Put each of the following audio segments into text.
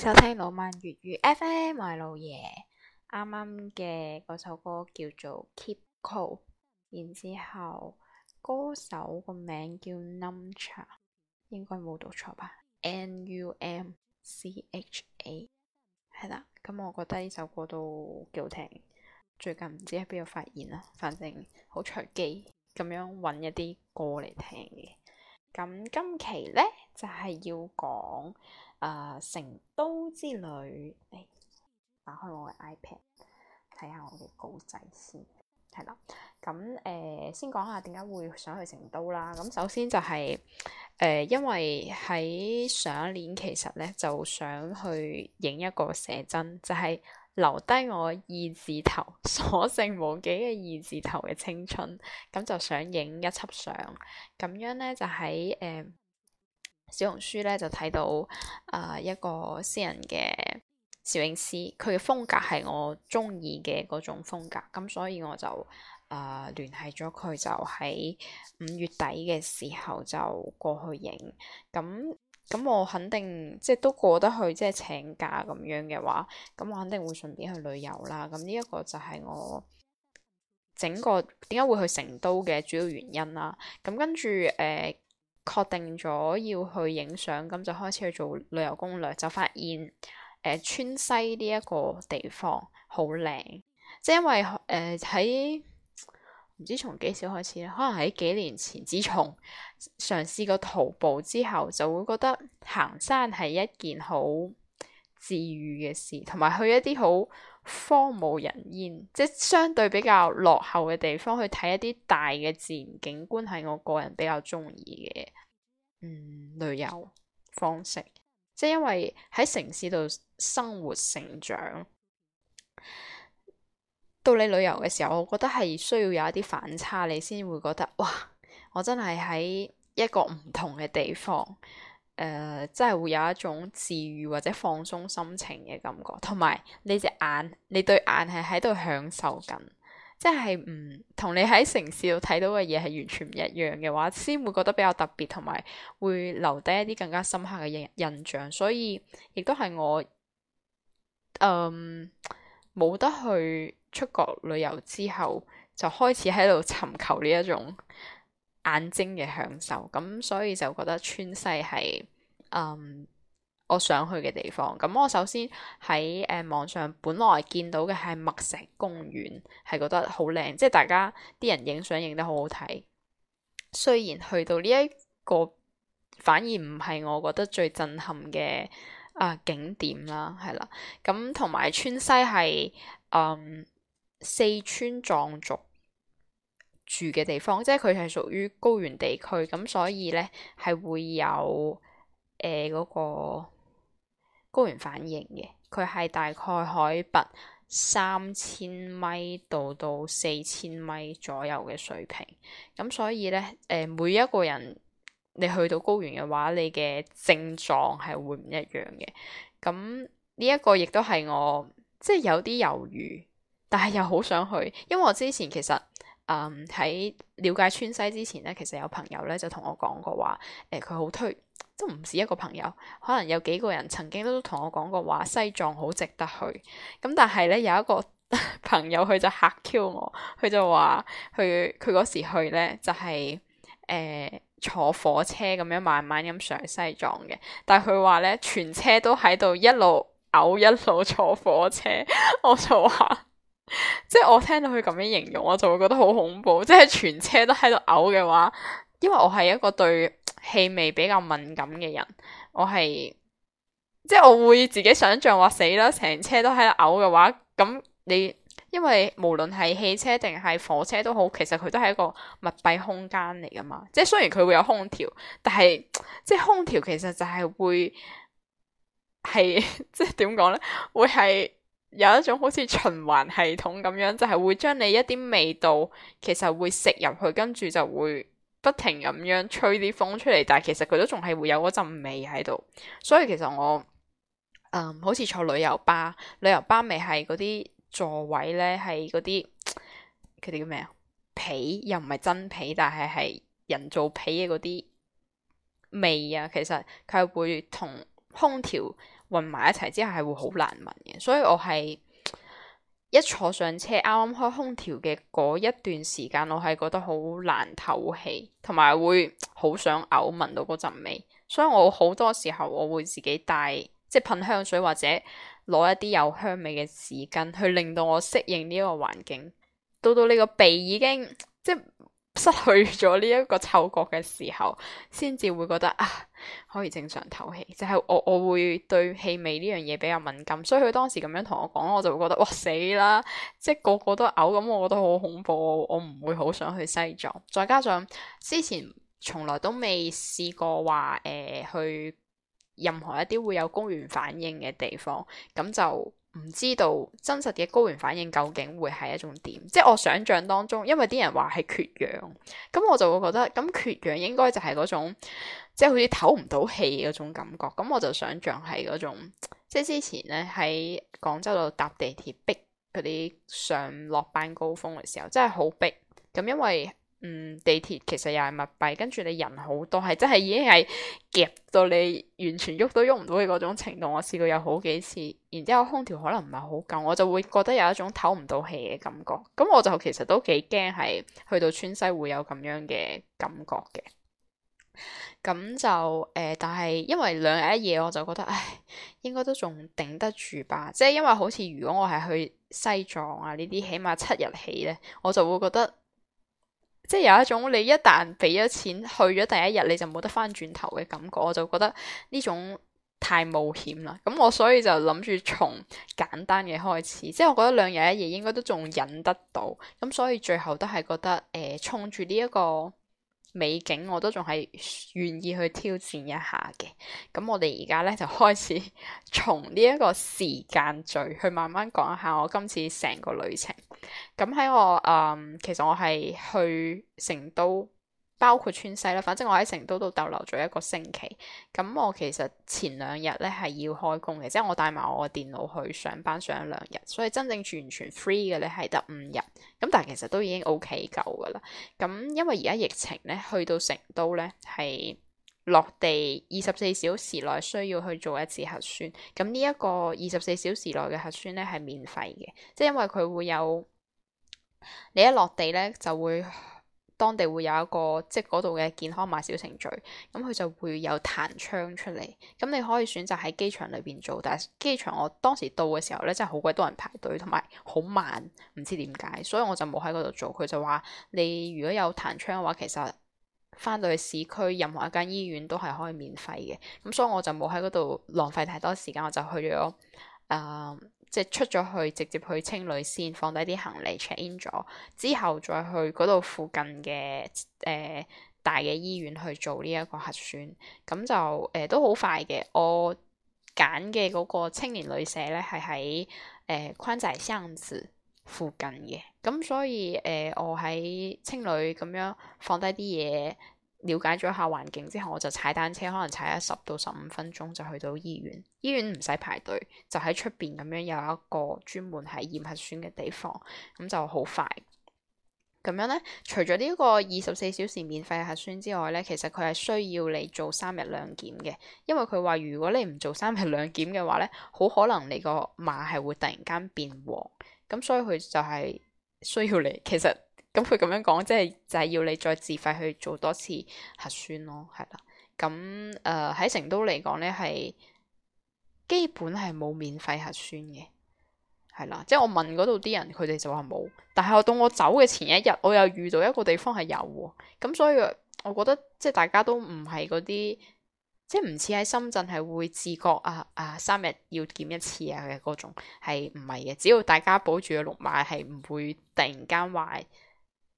收聽老萬粵語 FM，我係老爺。啱啱嘅嗰首歌叫做《Keep Cool》，然之後歌手個名叫 Numcha，應該冇讀錯吧？N U M C H A。係啦，咁、嗯、我覺得呢首歌都幾好聽。最近唔知喺邊度發現啦，反正好隨機咁樣揾一啲歌嚟聽嘅。咁今期咧就係、是、要講誒、呃、成都之旅。誒、哎，打開我嘅 iPad 睇下我嘅稿仔先。係啦，咁誒、呃、先講下點解會想去成都啦。咁首先就係、是、誒、呃、因為喺上一年其實咧就想去影一個寫真，就係、是。留低我二字頭，所剩無幾嘅二字頭嘅青春，咁就想影一輯相，咁樣咧就喺誒、呃、小紅書咧就睇到誒、呃、一個私人嘅攝影師，佢嘅風格係我中意嘅嗰種風格，咁所以我就誒聯繫咗佢，就喺五月底嘅時候就過去影，咁。咁我肯定即係都過得去，即係請假咁樣嘅話，咁我肯定會順便去旅遊啦。咁呢一個就係我整個點解會去成都嘅主要原因啦、啊。咁跟住誒、呃，確定咗要去影相，咁就開始去做旅遊攻略，就發現誒川、呃、西呢一個地方好靚，即係因為誒喺。呃唔知從幾時開始，可能喺幾年前，自從嘗試過徒步之後，就會覺得行山係一件好治愈嘅事，同埋去一啲好荒無人煙，即係相對比較落後嘅地方，去睇一啲大嘅自然景觀，係我個人比較中意嘅嗯旅遊方式。即係因為喺城市度生活成長。到你旅遊嘅時候，我覺得係需要有一啲反差，你先會覺得哇，我真係喺一個唔同嘅地方，誒、呃，真係會有一種治愈或者放鬆心情嘅感覺，同埋你隻眼，你對眼係喺度享受緊，即係唔同你喺城市度睇到嘅嘢係完全唔一樣嘅話，先會覺得比較特別，同埋會留低一啲更加深刻嘅印印象，所以亦都係我，嗯。冇得去出國旅遊之後，就開始喺度尋求呢一種眼睛嘅享受，咁所以就覺得川西係嗯我想去嘅地方。咁我首先喺誒網上本來見到嘅係墨石公園，係覺得好靚，即係大家啲人影相影得好好睇。雖然去到呢、這、一個，反而唔係我覺得最震撼嘅。啊景點啦，係啦，咁同埋川西係嗯四川藏族住嘅地方，即係佢係屬於高原地區，咁所以呢，係會有誒嗰、呃那個高原反應嘅。佢係大概海拔三千米到到四千米左右嘅水平，咁所以呢，誒、呃、每一個人。你去到高原嘅話，你嘅症狀係會唔一樣嘅。咁呢一個亦都係我，即係有啲猶豫，但係又好想去。因為我之前其實，嗯喺了解川西之前咧，其實有朋友咧就同我講過話，誒佢好推，都唔止一個朋友，可能有幾個人曾經都同我講過話，西藏好值得去。咁但係咧有一個朋友佢就嚇 Q 我，佢就話佢佢嗰時去咧就係、是、誒。呃坐火車咁樣慢慢咁上西藏嘅，但係佢話咧，全車都喺度一路嘔一路坐火車， 我就坐話下， 即係我聽到佢咁樣形容，我就會覺得好恐怖，即係全車都喺度嘔嘅話，因為我係一個對氣味比較敏感嘅人，我係，即係我會自己想象話死啦，成車都喺度嘔嘅話，咁你。因為無論係汽車定係火車都好，其實佢都係一個密閉空間嚟㗎嘛。即係雖然佢會有空調，但係即係空調其實就係會係即係點講咧？會係有一種好似循環系統咁樣，就係、是、會將你一啲味道，其實會食入去，跟住就會不停咁樣吹啲風出嚟。但係其實佢都仲係會有嗰陣味喺度。所以其實我嗯，好似坐旅遊巴，旅遊巴咪係嗰啲。座位咧，係嗰啲佢哋叫咩啊？皮又唔係真皮，但係係人造皮嘅嗰啲味啊。其實佢會同空調混埋一齊之後，係會好難聞嘅。所以我係一坐上車，啱啱開空調嘅嗰一段時間，我係覺得好難透氣，同埋會好想嘔，聞到嗰陣味。所以我好多時候我會自己帶即係噴香水或者。攞一啲有香味嘅紙巾去令到我適應呢個環境，到到呢個鼻已經即係失去咗呢一個嗅覺嘅時候，先至會覺得啊，可以正常透氣。就係、是、我我會對氣味呢樣嘢比較敏感，所以佢當時咁樣同我講，我就會覺得哇死啦！即係個個都嘔咁，我覺得好恐怖，我唔會好想去西藏。再加上之前從來都未試過話誒、呃、去。任何一啲會有高原反應嘅地方，咁就唔知道真實嘅高原反應究竟會係一種點？即係我想象當中，因為啲人話係缺氧，咁我就會覺得，咁缺氧應該就係嗰種，即係好似唞唔到氣嗰種感覺。咁我就想象係嗰種，即係之前咧喺廣州度搭地鐵逼嗰啲上落班高峰嘅時候，真係好逼。咁因為嗯，地鐵其實又係密閉，跟住，你人好多，係真係已經係夾到你完全喐都喐唔到嘅嗰種程度。我試過有好幾次，然之後空調可能唔係好夠，我就會覺得有一種唞唔到氣嘅感覺。咁我就其實都幾驚，係去到川西會有咁樣嘅感覺嘅。咁就誒、呃，但係因為兩日一夜，我就覺得唉，應該都仲頂得住吧。即係因為好似如果我係去西藏啊呢啲，起碼七日起咧，我就會覺得。即係有一種你一旦畀咗錢，去咗第一日，你就冇得翻轉頭嘅感覺，我就覺得呢種太冒險啦。咁我所以就諗住從簡單嘅開始，即係我覺得兩日一夜應該都仲忍得到。咁所以最後都係覺得誒，衝住呢一個。美景我都仲係願意去挑戰一下嘅。咁我哋而家咧就開始從呢一個時間序去慢慢講一下我今次成個旅程，咁喺我誒、嗯，其實我係去成都。包括川西啦，反正我喺成都都逗留咗一個星期。咁我其實前兩日咧係要開工嘅，即係我帶埋我電腦去上班上兩日，所以真正完全全 free 嘅咧係得五日。咁但係其實都已經 OK 夠㗎喇。咁因為而家疫情咧，去到成都咧係落地二十四小時內需要去做一次核酸。咁呢一個二十四小時內嘅核酸咧係免費嘅，即係因為佢會有你一落地咧就會。當地會有一個即係嗰度嘅健康碼小程序，咁佢就會有彈窗出嚟，咁你可以選擇喺機場裏邊做，但係機場我當時到嘅時候咧，真係好鬼多人排隊，同埋好慢，唔知點解，所以我就冇喺嗰度做。佢就話你如果有彈窗嘅話，其實返到去市區任何一間醫院都係可以免費嘅，咁所以我就冇喺嗰度浪費太多時間，我就去咗誒。呃即係出咗去，直接去青旅先，放低啲行李 check in 咗，之後再去嗰度附近嘅誒、呃、大嘅醫院去做呢一個核酸，咁就誒、呃、都好快嘅。我揀嘅嗰個青年旅社咧係喺誒寬窄巷子附近嘅，咁所以誒、呃、我喺青旅咁樣放低啲嘢。了解咗一下環境之後，我就踩單車，可能踩咗十到十五分鐘就去到醫院。醫院唔使排隊，就喺出邊咁樣有一個專門係驗核酸嘅地方，咁就好快。咁樣咧，除咗呢個二十四小時免費嘅核酸之外咧，其實佢係需要你做三日兩檢嘅，因為佢話如果你唔做三日兩檢嘅話咧，好可能你個碼係會突然間變黃。咁所以佢就係需要你，其實。咁佢咁樣講，即係就係、是、要你再自費去做多次核酸咯，係啦。咁誒喺成都嚟講咧，係基本係冇免費核酸嘅，係啦。即係我問嗰度啲人，佢哋就話冇。但係我到我走嘅前一日，我又遇到一個地方係有。咁所以我覺得即係大家都唔係嗰啲，即係唔似喺深圳係會自覺啊啊三日要檢一次啊嘅嗰種，係唔係嘅。只要大家保住個綠碼係唔會突然間壞。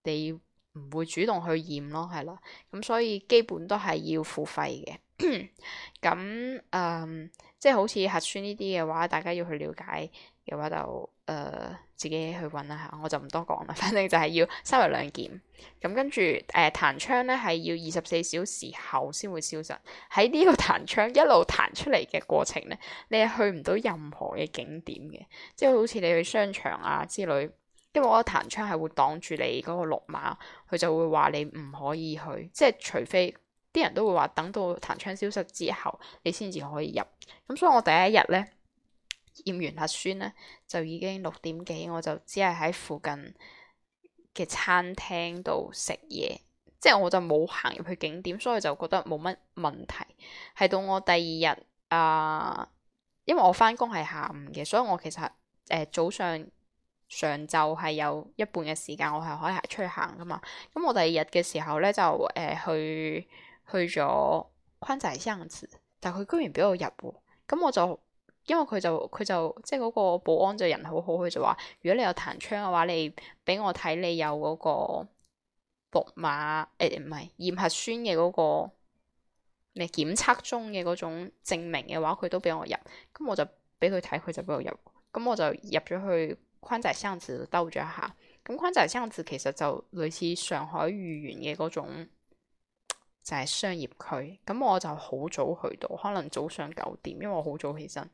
你唔會主動去驗咯，係咯，咁所以基本都係要付費嘅。咁誒、 嗯，即係好似核酸呢啲嘅話，大家要去了解嘅話就，就、呃、誒自己去揾下。我就唔多講啦，反正就係要三日兩檢。咁跟住誒彈窗咧，係、呃、要二十四小時後先會消失。喺呢個彈窗一路彈出嚟嘅過程咧，你去唔到任何嘅景點嘅，即係好似你去商場啊之類。因為我個彈窗係會擋住你嗰個綠碼，佢就會話你唔可以去，即係除非啲人都會話等到彈窗消失之後，你先至可以入。咁所以我第一日咧驗完核酸咧，就已經六點幾，我就只係喺附近嘅餐廳度食嘢，即係我就冇行入去景點，所以就覺得冇乜問題。係到我第二日啊、呃，因為我返工係下午嘅，所以我其實誒、呃、早上。上晝係有一半嘅時間，我係可以出去行噶嘛。咁我第二日嘅時候咧，就誒、呃、去去咗寬窄巷子。但係佢居然俾我入。咁我就因為佢就佢就即係嗰個保安就人好好，佢就話如果你有彈窗嘅話，你俾我睇你有嗰個碼誒唔係驗核酸嘅嗰、那個咩檢測中嘅嗰種證明嘅話，佢都俾我入。咁我就俾佢睇，佢就俾我入。咁我就入咗去。寬窄巷子兜咗一下，咁寬窄巷子其實就類似上海豫園嘅嗰種就係商業區，咁我就好早去到，可能早上九點，因為我好早起身，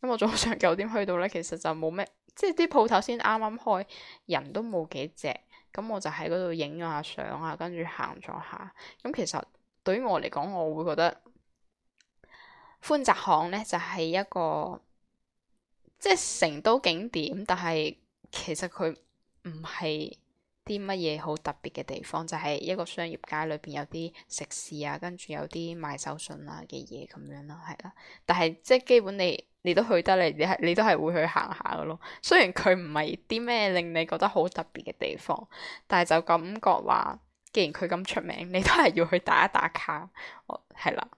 咁我早上九點去到咧，其實就冇咩，即係啲鋪頭先啱啱開，人都冇幾隻，咁我就喺嗰度影咗下相啊，跟住行咗下，咁其實對於我嚟講，我會覺得寬窄巷咧就係一個。即係成都景點，但係其實佢唔係啲乜嘢好特別嘅地方，就係一個商業街裏邊有啲食肆啊，跟住有啲賣手信啊嘅嘢咁樣啦，係啦。但係即基本你你都去得嚟，你係你都係會去行下嘅咯。雖然佢唔係啲咩令你覺得好特別嘅地方，但係就感覺話，既然佢咁出名，你都係要去打一打卡。我係啦。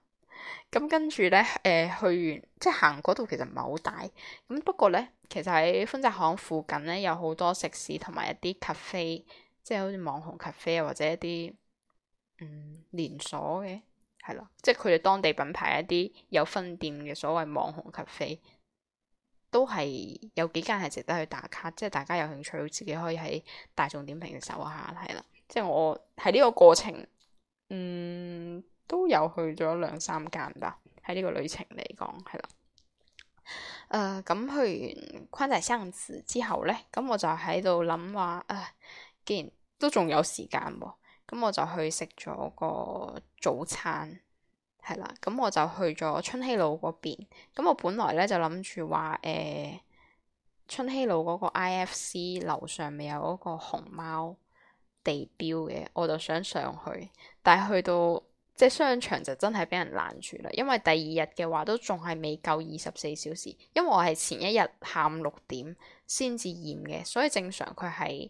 咁跟住咧，誒、呃、去完即係行嗰度，其實唔係好大。咁不過咧，其實喺寬窄巷附近咧，有好多食肆同埋一啲咖啡，即係好似網紅咖啡或者一啲嗯，連鎖嘅，係咯，即係佢哋當地品牌一啲有分店嘅所謂網紅咖啡，都係有幾間係值得去打卡，即係大家有興趣，自己可以喺大眾點評搜下，係啦。即係我喺呢個過程，嗯。都有去咗兩三間吧，喺呢個旅程嚟講係啦。誒、咁、呃、去完寬窄巷子之後咧，咁我就喺度諗話，誒、呃，既然都仲有時間噃、啊，咁我就去食咗個早餐係啦。咁我就去咗春熙路嗰邊。咁我本來咧就諗住話，誒、呃，春熙路嗰個 IFC 樓上咪有嗰個熊貓地標嘅，我就想上去，但係去到。即係商場就真係俾人攔住啦，因為第二日嘅話都仲係未夠二十四小時，因為我係前一日下午六點先至驗嘅，所以正常佢係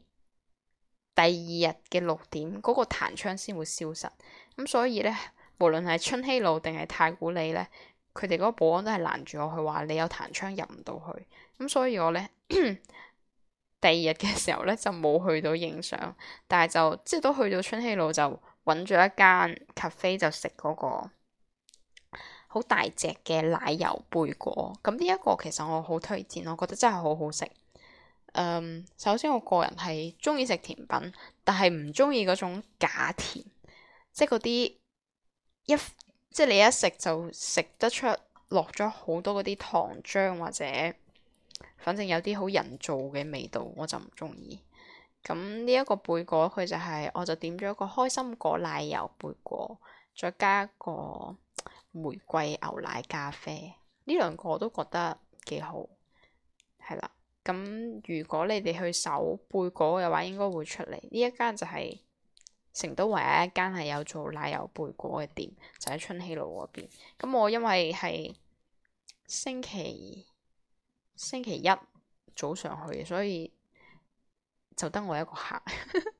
第二日嘅六點嗰個彈窗先會消失。咁所以咧，無論係春熙路定係太古里咧，佢哋嗰個保安都係攔住我，佢話你有彈窗入唔到去。咁所以我咧 第二日嘅時候咧就冇去到影相，但係就即係都去到春熙路就。揾咗一間 cafe 就食嗰個好大隻嘅奶油貝果，咁呢一個其實我好推薦，我覺得真係好好食。嗯，首先我個人係中意食甜品，但係唔中意嗰種假甜，即係嗰啲一即係、就是、你一食就食得出落咗好多嗰啲糖漿或者，反正有啲好人造嘅味道我就唔中意。咁呢一個貝果佢就係，我就點咗一個開心果奶油貝果，再加一個玫瑰牛奶咖啡。呢兩個我都覺得幾好，係啦。咁如果你哋去搜貝果嘅話，應該會出嚟。呢一間就係成都唯一一間係有做奶油貝果嘅店，就喺春熙路嗰邊。咁我因為係星期星期一早上去，嘅所以。就得我一個客，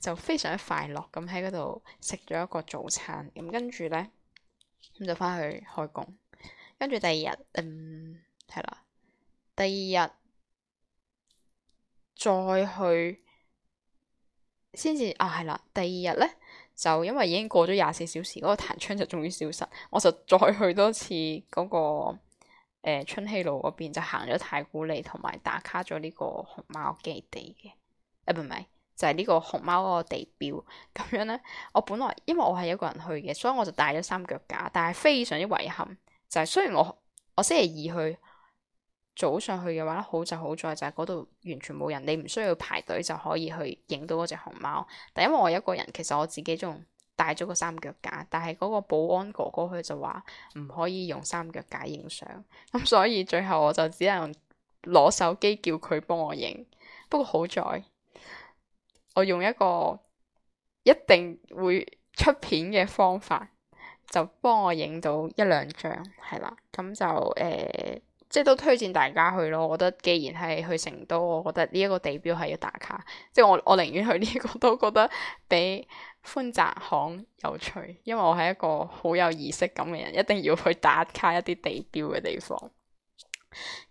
就非常之快樂咁喺嗰度食咗一個早餐，咁跟住咧咁就翻去開工，跟住第二日，嗯係啦，第二日再去先至啊係啦，第二日咧就因為已經過咗廿四小時，嗰個彈窗就終於消失，我就再去多次嗰個誒、呃、春熙路嗰邊就行咗太古里，同埋打卡咗呢個熊貓基地嘅。唔係就係呢個熊貓嗰個地標咁樣咧？我本來因為我係一個人去嘅，所以我就帶咗三腳架。但係非常之遺憾，就係雖然我我星期二去早上去嘅話，好就好在就係嗰度完全冇人，你唔需要排隊就可以去影到嗰隻熊貓。但因為我一個人，其實我自己仲帶咗個三腳架，但係嗰個保安哥哥佢就話唔可以用三腳架影相。咁所以最後我就只能攞手機叫佢幫我影。不過好在。我用一個一定會出片嘅方法，就幫我影到一兩張係啦。咁就誒、呃，即係都推薦大家去咯。我覺得既然係去成都，我覺得呢一個地標係要打卡。即係我我寧願去呢個都覺得比寬窄巷有趣，因為我係一個好有儀式感嘅人，一定要去打卡一啲地標嘅地方。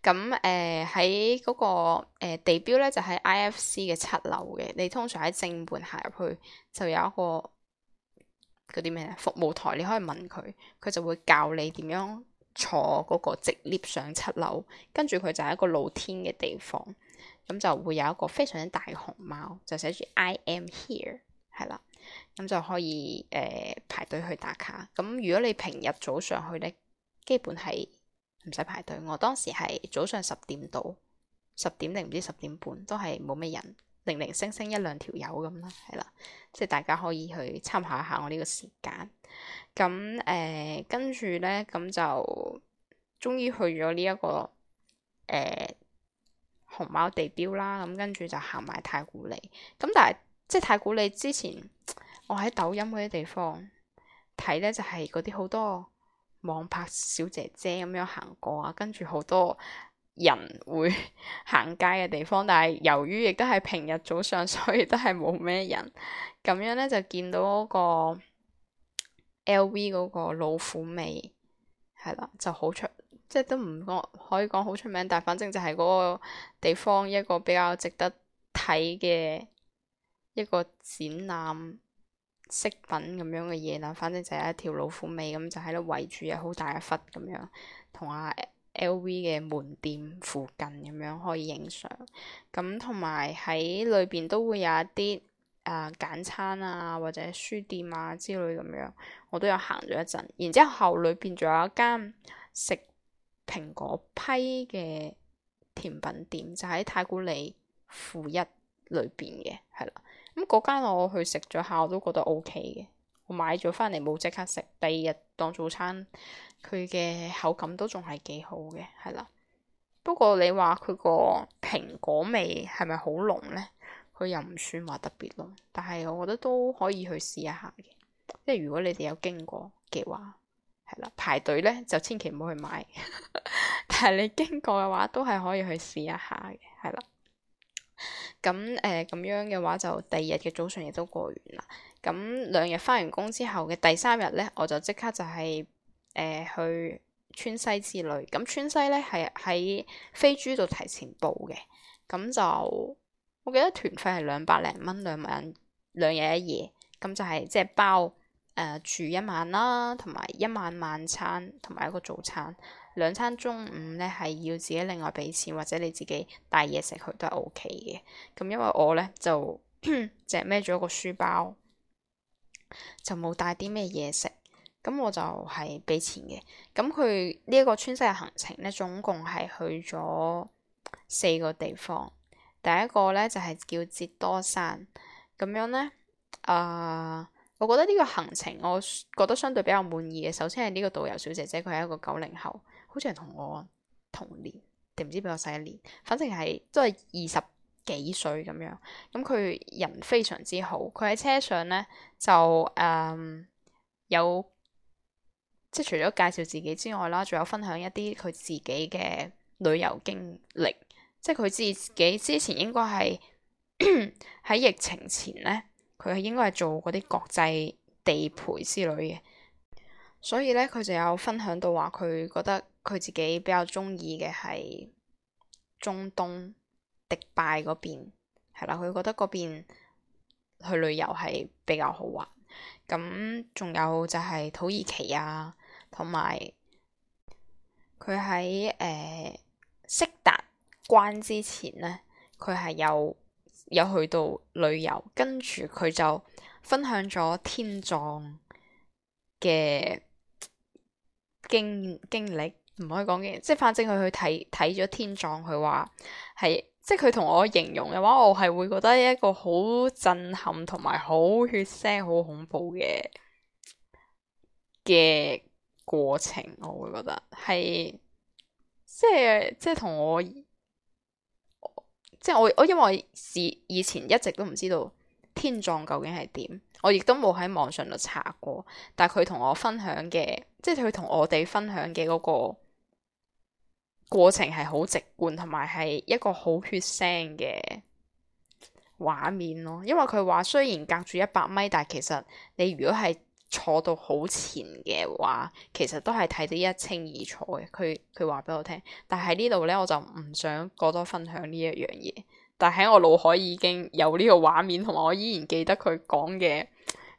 咁誒，喺嗰、呃那個誒、呃、地標咧，就喺、是、IFC 嘅七樓嘅。你通常喺正門行入去，就有一個嗰啲咩服務台，你可以問佢，佢就會教你點樣坐嗰個直 lift 上七樓。跟住佢就係一個露天嘅地方，咁就會有一個非常之大,大熊貓，就寫住 I am here，係啦，咁就可以誒、呃、排隊去打卡。咁如果你平日早上去咧，基本係。唔使排隊，我當時係早上十點到十點定唔知十點半，都係冇咩人，零零星星一兩條友咁啦，係啦，即係大家可以去參考一下我呢個時間。咁誒，跟住咧，咁就終於去咗呢一個誒呃熊貓地標啦。咁跟住就行埋太古里。咁但係即係太古里之前，我喺抖音嗰啲地方睇咧，就係嗰啲好多。網拍小姐姐咁樣行過啊，跟住好多人會行街嘅地方，但係由於亦都係平日早上，所以都係冇咩人。咁樣咧就見到嗰個 LV 嗰個老虎尾，係啦，就好出，即係都唔講可以講好出名，但係反正就係嗰個地方一個比較值得睇嘅一個展覽。飾品咁樣嘅嘢啦，反正就係一條老虎尾咁，就喺度圍住有好大一忽咁樣，同阿、啊、LV 嘅門店附近咁樣可以影相。咁同埋喺裏邊都會有一啲誒、呃、簡餐啊，或者書店啊之類咁樣，我都有行咗一陣。然之後裏邊仲有一間食蘋果批嘅甜品店，就喺、是、太古里負一裏邊嘅，係啦。咁嗰間我去食咗下，我都覺得 OK 嘅。我買咗翻嚟冇即刻食，第二日當早餐，佢嘅口感都仲係幾好嘅，係啦。不過你話佢個蘋果味係咪好濃呢？佢又唔算話特別濃，但係我覺得都可以去試一下嘅。即係如果你哋有經過嘅話，係啦排隊咧就千祈唔好去買， 但係你經過嘅話都係可以去試一下嘅，係啦。咁誒，咁、呃、樣嘅話就第二日嘅早上亦都過完啦。咁兩日返完工之後嘅第三日咧，我就即刻就係、是、誒、呃、去川西之旅。咁川西咧係喺飛豬度提前報嘅。咁就我記得團費係兩百零蚊，兩晚兩日一夜。咁就係、是、即係包誒、呃、住一晚啦，同埋一晚晚餐同埋一個早餐。兩餐中午咧，係要自己另外俾錢，或者你自己帶嘢食去都係 O K 嘅。咁因為我咧就淨係孭咗個書包，就冇帶啲咩嘢食。咁我就係俾錢嘅。咁佢呢一個川西嘅行程咧，總共係去咗四個地方。第一個咧就係、是、叫折多山。咁樣咧，啊、呃，我覺得呢個行程，我覺得相對比較滿意嘅。首先係呢個導遊小姐姐，佢係一個九零後。好似係同我同年，定唔知比我細一年，反正係都係二十幾歲咁樣。咁佢人非常之好，佢喺車上咧就誒、嗯、有，即係除咗介紹自己之外啦，仲有分享一啲佢自己嘅旅遊經歷。即係佢自己之前應該係喺 疫情前咧，佢係應該係做嗰啲國際地陪之類嘅，所以咧佢就有分享到話佢覺得。佢自己比較中意嘅係中東迪拜嗰邊，係啦，佢覺得嗰邊去旅遊係比較好玩。咁仲有就係土耳其啊，同埋佢喺誒色達關之前咧，佢係有有去到旅遊，跟住佢就分享咗天葬嘅經經歷。唔可以講嘅，即係反正佢去睇睇咗天葬，佢話係即係佢同我形容嘅話，我係會覺得一個好震撼，同埋好血腥、好恐怖嘅嘅過程。我會覺得係即係即係同我，我即係我我因為我以前一直都唔知道天葬究竟係點，我亦都冇喺網上度查過。但係佢同我分享嘅，即係佢同我哋分享嘅嗰個。過程係好直觀，同埋係一個好血腥嘅畫面咯。因為佢話雖然隔住一百米，但係其實你如果係坐到好前嘅話，其實都係睇得一清二楚嘅。佢佢話俾我聽，但係呢度咧我就唔想過多分享呢一樣嘢。但係喺我腦海已經有呢個畫面，同埋我依然記得佢講嘅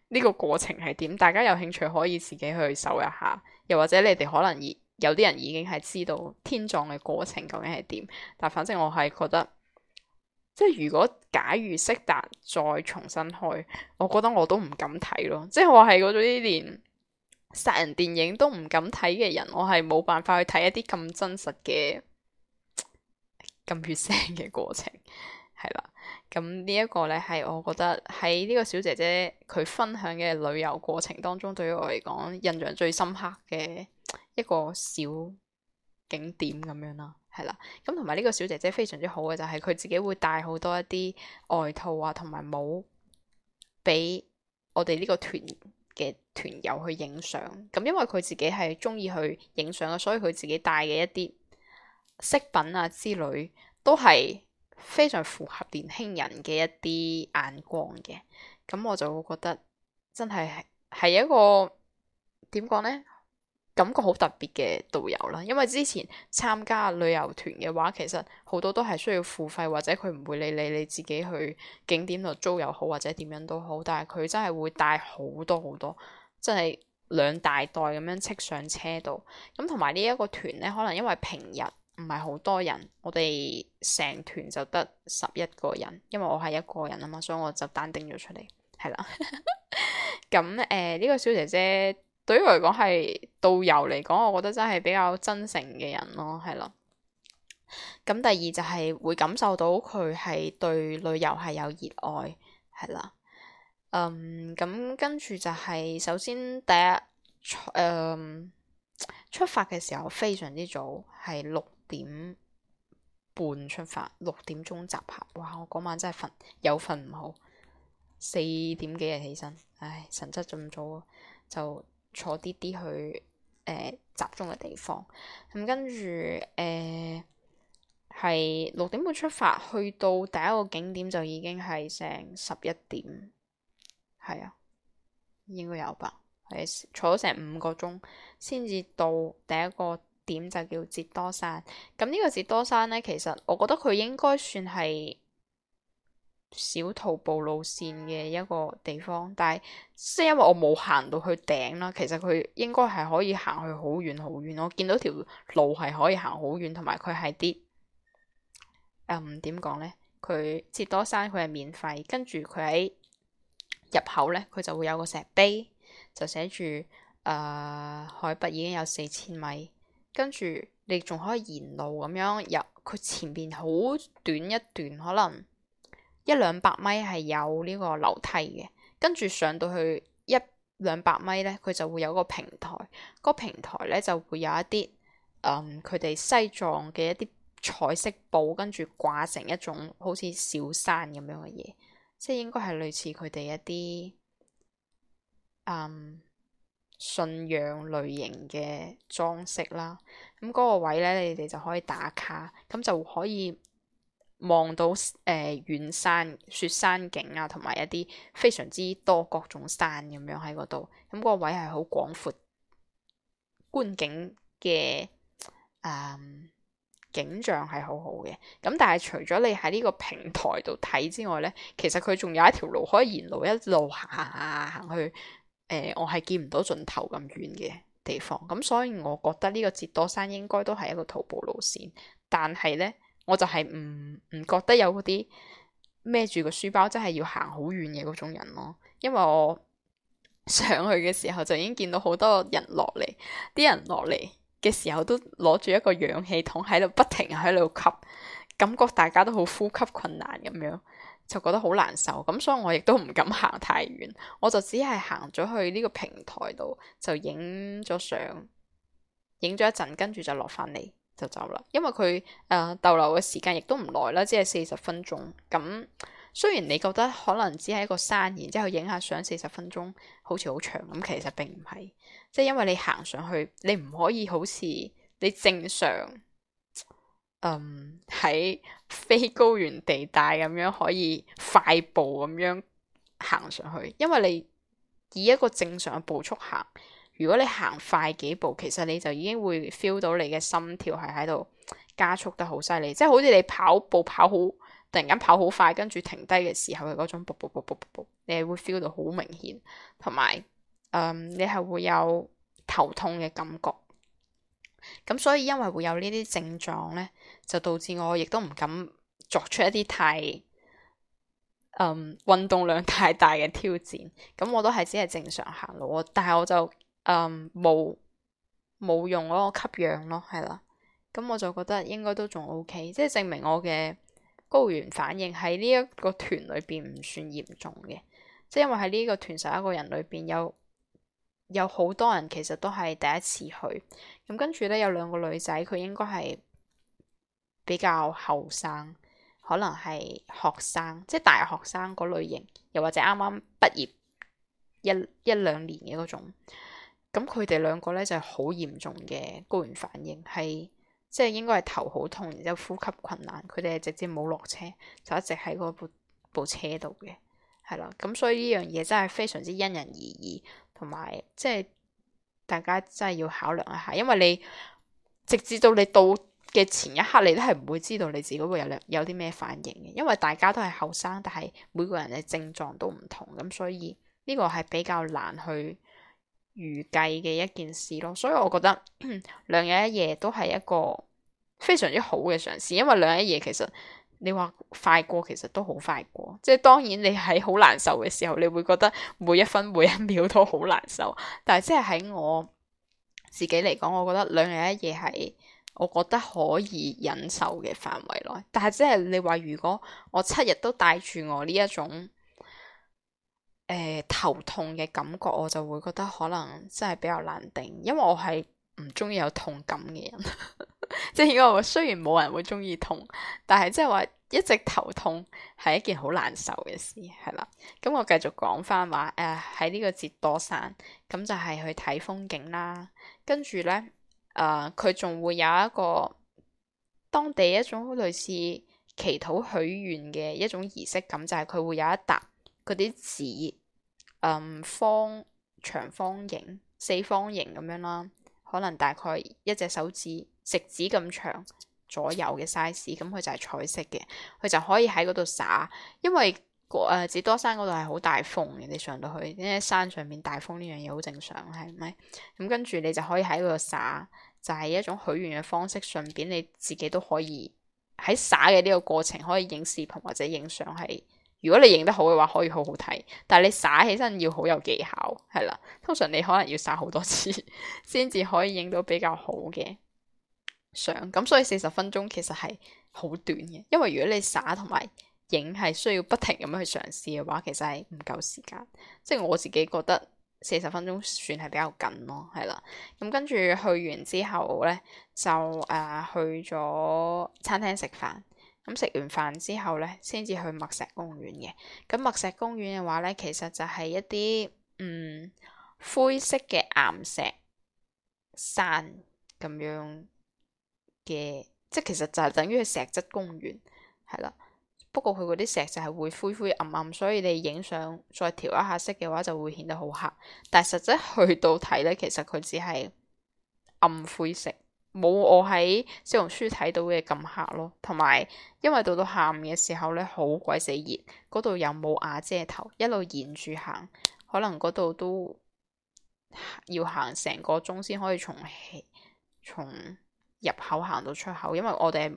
呢個過程係點。大家有興趣可以自己去搜一下，又或者你哋可能有啲人已經係知道天葬嘅過程究竟係點，但反正我係覺得，即係如果假如色達再重新開，我覺得我都唔敢睇咯。即係我係嗰種啲連殺人電影都唔敢睇嘅人，我係冇辦法去睇一啲咁真實嘅、咁血腥嘅過程。係啦，咁呢一個咧係我覺得喺呢個小姐姐佢分享嘅旅遊過程當中，對於我嚟講，印象最深刻嘅。一個小景點咁樣啦，係啦，咁同埋呢個小姐姐非常之好嘅就係、是、佢自己會帶好多一啲外套啊，同埋帽俾我哋呢個團嘅團友去影相，咁因為佢自己係中意去影相啊，所以佢自己帶嘅一啲飾品啊之類都係非常符合年輕人嘅一啲眼光嘅，咁我就會覺得真係係一個點講呢？感覺好特別嘅導遊啦，因為之前參加旅遊團嘅話，其實好多都係需要付費，或者佢唔會理你，你自己去景點度租又好，或者點樣都好。但係佢真係會帶好多好多，真係兩大袋咁樣積上車度。咁同埋呢一個團呢，可能因為平日唔係好多人，我哋成團就得十一個人，因為我係一個人啊嘛，所以我就單丁咗出嚟，係啦。咁 誒，呢、呃呢個小姐姐。對於我嚟講係導遊嚟講，我覺得真係比較真誠嘅人咯，係咯。咁第二就係會感受到佢係對旅遊係有熱愛，係啦。嗯，咁跟住就係首先第一，誒出，、嗯、出發嘅時候非常之早，係六點半出發，六點鐘集合。哇！我嗰晚真係瞓有瞓唔好，四點幾就起身，唉，神七咁早啊，就～坐滴滴去，誒、呃、集中嘅地方，咁、嗯、跟住誒係六點半出發，去到第一個景點就已經係成十一點，係啊，應該有吧？係坐咗成五個鐘先至到第一個點，就叫折多山。咁呢個折多山咧，其實我覺得佢應該算係。小徒步路線嘅一個地方，但係即係因為我冇行到去頂啦，其實佢應該係可以行去好遠好遠。我見到條路係可以行好遠，同埋佢係啲誒，點講咧？佢折多山佢係免費，跟住佢喺入口咧，佢就會有個石碑就寫住誒、呃，海拔已經有四千米，跟住你仲可以沿路咁樣入佢前面好短一段，可能。一兩百米係有呢個樓梯嘅，跟住上到去一兩百米呢，佢就會有個平台，嗰、那個平台呢，就會有一啲，嗯、佢哋西藏嘅一啲彩色布，跟住掛成一種好似小山咁樣嘅嘢，即係應該係類似佢哋一啲、嗯，信仰類型嘅裝飾啦。咁、嗯、嗰、那個位呢，你哋就可以打卡，咁就可以。望到誒、呃、遠山雪山景啊，同埋一啲非常之多各種山咁樣喺嗰度，咁、那個位係好廣闊，觀景嘅誒、嗯、景象係好好嘅。咁但係除咗你喺呢個平台度睇之外咧，其實佢仲有一條路可以沿路一路行啊行去誒、呃，我係見唔到盡頭咁遠嘅地方。咁所以我覺得呢個折多山應該都係一個徒步路線，但係咧。我就係唔唔覺得有嗰啲孭住個書包真係要行好遠嘅嗰種人咯，因為我上去嘅時候就已經見到好多人落嚟，啲人落嚟嘅時候都攞住一個氧氣筒喺度不停喺度吸，感覺大家都好呼吸困難咁樣，就覺得好難受。咁所以我亦都唔敢行太遠，我就只係行咗去呢個平台度就影咗相，影咗一陣，跟住就落翻嚟。就走啦，因為佢誒逗留嘅時間亦都唔耐啦，即係四十分鐘。咁雖然你覺得可能只係一個山，然之後影下相四十分鐘好，好似好長咁，其實並唔係，即係因為你行上去，你唔可以好似你正常，嗯喺非高原地帶咁樣可以快步咁樣行上去，因為你以一個正常嘅步速行。如果你行快幾步，其實你就已經會 feel 到你嘅心跳係喺度加速得好犀利，即係好似你跑步跑好，突然間跑好快，跟住停低嘅時候嘅嗰種步步步步步，你係會 feel 到好明顯，同埋、嗯、你係會有頭痛嘅感覺。咁所以因為會有呢啲症狀呢，就導致我亦都唔敢作出一啲太誒、嗯、運動量太大嘅挑戰。咁我都係只係正常行路，但係我就。誒，冇冇、um, 用咯，吸氧咯，係啦。咁我就覺得應該都仲 OK，即係證明我嘅高原反應喺呢一個團裏邊唔算嚴重嘅。即係因為喺呢個團十一個人裏邊有有好多人其實都係第一次去，咁跟住咧有兩個女仔，佢應該係比較後生，可能係學生，即係大學生嗰類型，又或者啱啱畢業一一兩年嘅嗰種。咁佢哋兩個咧，就係好嚴重嘅高原反應，係即係應該係頭好痛，然之後呼吸困難，佢哋係直接冇落車，就一直喺嗰部部車度嘅，係啦。咁所以呢樣嘢真係非常之因人而異，同埋即係大家真係要考慮一下，因為你直至到你到嘅前一刻，你都係唔會知道你自己會有有啲咩反應嘅，因為大家都係後生，但係每個人嘅症狀都唔同，咁所以呢個係比較難去預計嘅一件事咯，所以我覺得 兩日一夜都係一個非常之好嘅嘗試，因為兩日一夜其實你話快過，其實都好快過。即係當然你喺好難受嘅時候，你會覺得每一分每一秒都好難受。但係即係喺我自己嚟講，我覺得兩日一夜係我覺得可以忍受嘅範圍囉。但係即係你話如果我七日都帶住我呢一種。誒、欸，頭痛嘅感覺我就會覺得可能真係比較難頂，因為我係唔中意有痛感嘅人， 即係應該雖然冇人會中意痛，但係即係話一直頭痛係一件好難受嘅事，係啦。咁我繼續講翻話，誒喺呢個折多山，咁就係去睇風景啦。跟住咧，誒佢仲會有一個當地一種類似祈禱許願嘅一種儀式感，就係、是、佢會有一沓嗰啲紙。嗯，方長方形、四方形咁樣啦，可能大概一隻手指食指咁長左右嘅 size，咁、嗯、佢就係彩色嘅，佢就可以喺嗰度灑，因為個、呃、紫多山嗰度係好大風嘅，你上到去因為啲山上面大風呢樣嘢好正常，係咪？咁跟住你就可以喺嗰度灑，就係、是、一種許願嘅方式，順便你自己都可以喺灑嘅呢個過程可以影視頻或者影相係。如果你影得好嘅話，可以好好睇。但係你灑起身要好有技巧，係啦。通常你可能要灑好多次，先至可以影到比較好嘅相。咁所以四十分鐘其實係好短嘅，因為如果你灑同埋影係需要不停咁樣去嘗試嘅話，其實係唔夠時間。即係我自己覺得四十分鐘算係比較緊咯，係啦。咁跟住去完之後咧，就誒去咗餐廳食飯。咁食完飯之後咧，先至去墨石公園嘅。咁墨石公園嘅話咧，其實就係一啲嗯灰色嘅岩石山咁樣嘅，即係其實就係等於係石質公園，係啦。不過佢嗰啲石就係會灰灰暗暗，所以你影相再調一下色嘅話，就會顯得好黑。但係實際去到睇咧，其實佢只係暗灰色。冇我喺小紅書睇到嘅咁黑咯，同埋因為到到下午嘅時候咧，好鬼死熱，嗰度又冇瓦遮頭，一路沿住行，可能嗰度都要行成個鐘先可以從從入口行到出口，因為我哋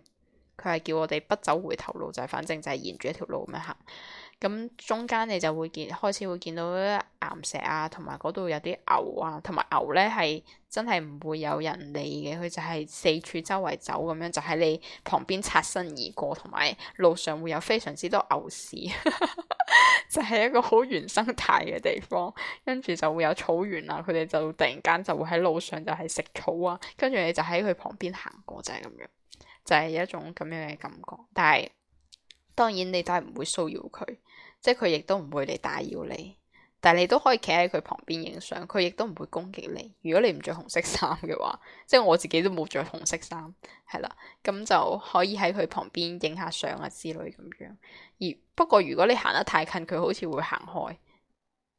佢係叫我哋不走回頭路就係、是，反正就係沿住一條路咁樣行。咁中間你就會見開始會見到啲岩石啊，同埋嗰度有啲牛啊，同埋牛咧係真係唔會有人嚟嘅，佢就係四處周圍走咁樣，就喺你旁邊擦身而過，同埋路上會有非常之多牛屎， 就係一個好原生態嘅地方。跟住就會有草原啊，佢哋就突然間就會喺路上就係食草啊，跟住你就喺佢旁邊行過就係咁樣，就係一種咁樣嘅感覺。但係當然你都係唔會騷擾佢。即係佢亦都唔會嚟打擾你，但係你都可以企喺佢旁邊影相，佢亦都唔會攻擊你。如果你唔着紅色衫嘅話，即係我自己都冇着紅色衫，係啦，咁就可以喺佢旁邊影下相啊之類咁樣。而不過如果你行得太近，佢好似會行開，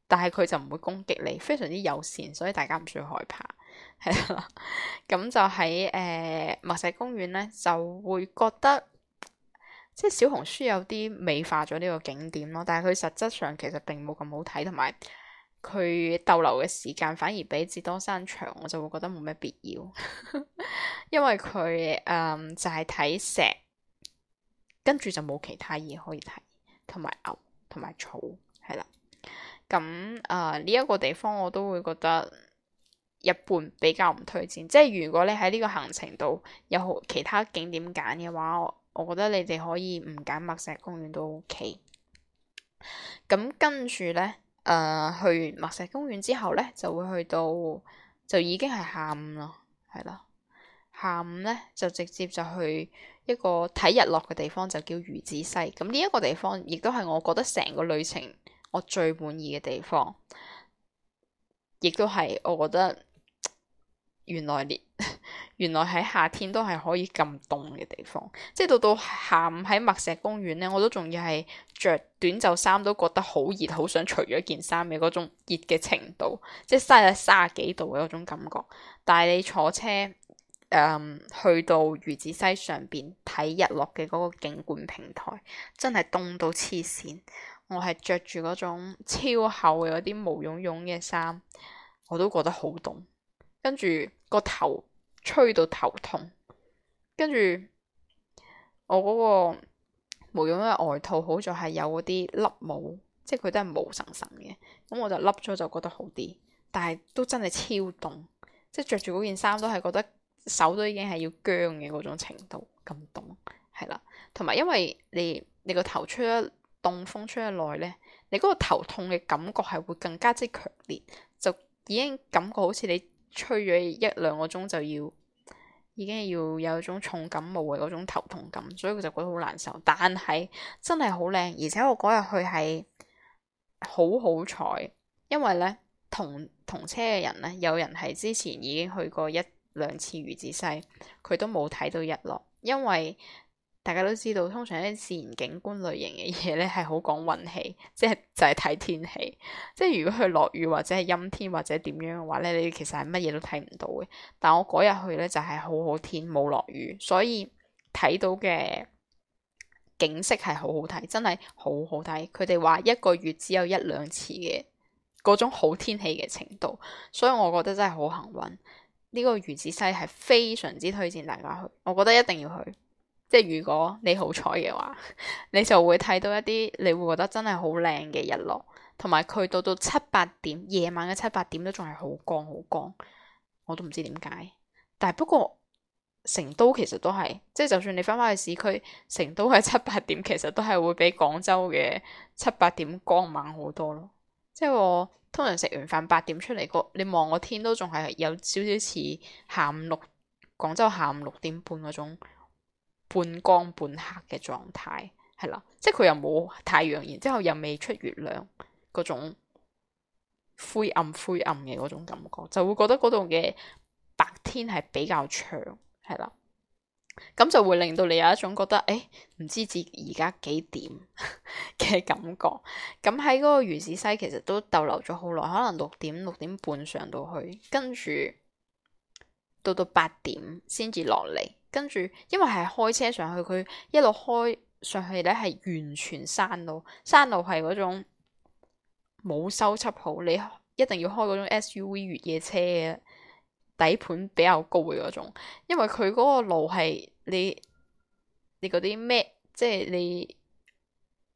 但係佢就唔會攻擊你，非常之友善，所以大家唔需要害怕，係啦。咁就喺誒、呃、墨西公園咧，就會覺得。即係小紅書有啲美化咗呢個景點咯，但係佢實質上其實並冇咁好睇，同埋佢逗留嘅時間反而比浙多山長，我就會覺得冇咩必要， 因為佢誒、嗯、就係、是、睇石，跟住就冇其他嘢可以睇，同埋牛同埋草係啦。咁誒呢一個地方我都會覺得一般，比較唔推薦。即係如果你喺呢個行程度有其他景點揀嘅話，我覺得你哋可以唔揀墨石公園都 O K。咁跟住咧，誒、呃，去完墨石公園之後咧，就會去到就已經係下午咯，係啦。下午咧就直接就去一個睇日落嘅地方，就叫魚子西。咁呢一個地方，亦都係我覺得成個旅程我最滿意嘅地方，亦都係我覺得。原來你原來喺夏天都係可以咁凍嘅地方，即係到到下午喺墨石公園咧，我都仲要係着短袖衫，都覺得好熱，好想除咗件衫嘅嗰種熱嘅程度，即係晒咗三十幾度嘅嗰種感覺。但係你坐車誒、嗯、去到魚子西上邊睇日落嘅嗰個景觀平台，真係凍到黐線。我係着住嗰種超厚嘅嗰啲毛茸茸嘅衫，我都覺得好凍。跟住個頭吹到頭痛，跟住我嗰、那個無用嘅外套，好在係有嗰啲笠帽，即係佢都係毛神神嘅。咁我就笠咗就覺得好啲，但係都真係超凍，即係着住嗰件衫都係覺得手都已經係要僵嘅嗰種程度咁凍，係啦。同埋因為你你個頭吹得凍風吹得耐咧，你嗰個頭痛嘅感覺係會更加之強烈，就已經感覺好似你。吹咗一兩個鐘就要，已經要有一種重感冒嘅嗰種頭痛感，所以佢就覺得好難受。但係真係好靚，而且我嗰日去係好好彩，因為呢，同同車嘅人呢，有人係之前已經去過一兩次魚子西，佢都冇睇到日落，因為。大家都知道，通常啲自然景觀類型嘅嘢咧，係好講運氣，即係就係睇天氣。即係如果去落雨或者係陰天或者點樣嘅話咧，你其實係乜嘢都睇唔到嘅。但我嗰日去咧就係好好天，冇落雨，所以睇到嘅景色係好好睇，真係好好睇。佢哋話一個月只有一兩次嘅嗰種好天氣嘅程度，所以我覺得真係好幸運。呢個魚子西係非常之推薦大家去，我覺得一定要去。即係如果你好彩嘅話，你就會睇到一啲你會覺得真係好靚嘅日落，同埋去到，到七八點，夜晚嘅七八點都仲係好光好光，我都唔知點解。但係不過成都其實都係，即係就算你翻返去市區，成都喺七八點其實都係會比廣州嘅七八點光猛好多咯。即係我通常食完飯八點出嚟過，你望個天都仲係有少少似下午六，廣州下午六點半嗰種。半光半黑嘅狀態，係啦，即係佢又冇太陽，然之後又未出月亮，嗰種灰暗灰暗嘅嗰種感覺，就會覺得嗰度嘅白天係比較長，係啦，咁就會令到你有一種覺得，誒、哎，唔知自己而家幾點嘅 感覺。咁喺嗰個原始西其實都逗留咗好耐，可能六點六點半上到去，跟住。到到八點先至落嚟，跟住因為係開車上去，佢一路開上去咧，係完全山路，山路係嗰種冇修葺好，你一定要開嗰種 SUV 越野車嘅底盤比較高嘅嗰種，因為佢嗰個路係你你嗰啲咩，即係你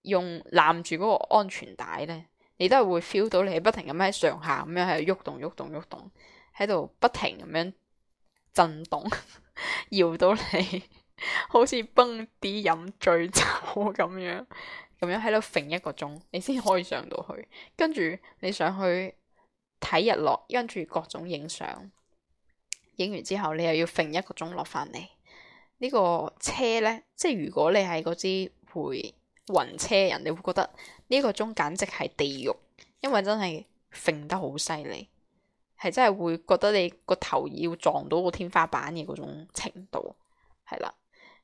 用攬住嗰個安全帶咧，你都係會 feel 到你係不停咁喺上下咁樣喺度喐動喐動喐動喺度不停咁樣。震動搖 到你， 好似蹦迪飲醉酒咁樣，樣，咁樣喺度揈一個鐘，你先可以上到去。跟住你上去睇日落，跟住各種影相，影完之後你又要揈一個鐘落返嚟。呢、這個車咧，即係如果你係嗰啲會暈車人，你會覺得呢個鐘簡直係地獄，因為真係揈得好犀利。係真係會覺得你個頭要撞到個天花板嘅嗰種程度，係啦。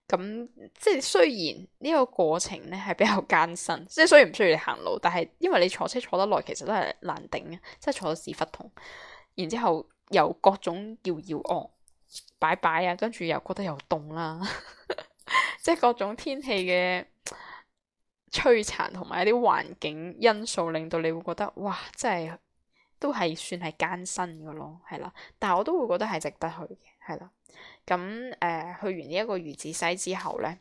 咁即係雖然呢個過程咧係比較艱辛，即係雖然唔需要你行路，但係因為你坐車坐得耐，其實都係難頂啊！即係坐到屎忽痛，然之後又各種搖搖哦，擺擺啊，跟住又覺得又凍啦、啊， 即係各種天氣嘅摧殘同埋一啲環境因素，令到你會覺得哇，真係～都係算係艱辛嘅咯，係啦，但係我都會覺得係值得去嘅，係啦。咁誒、呃，去完呢一個魚子西之後咧，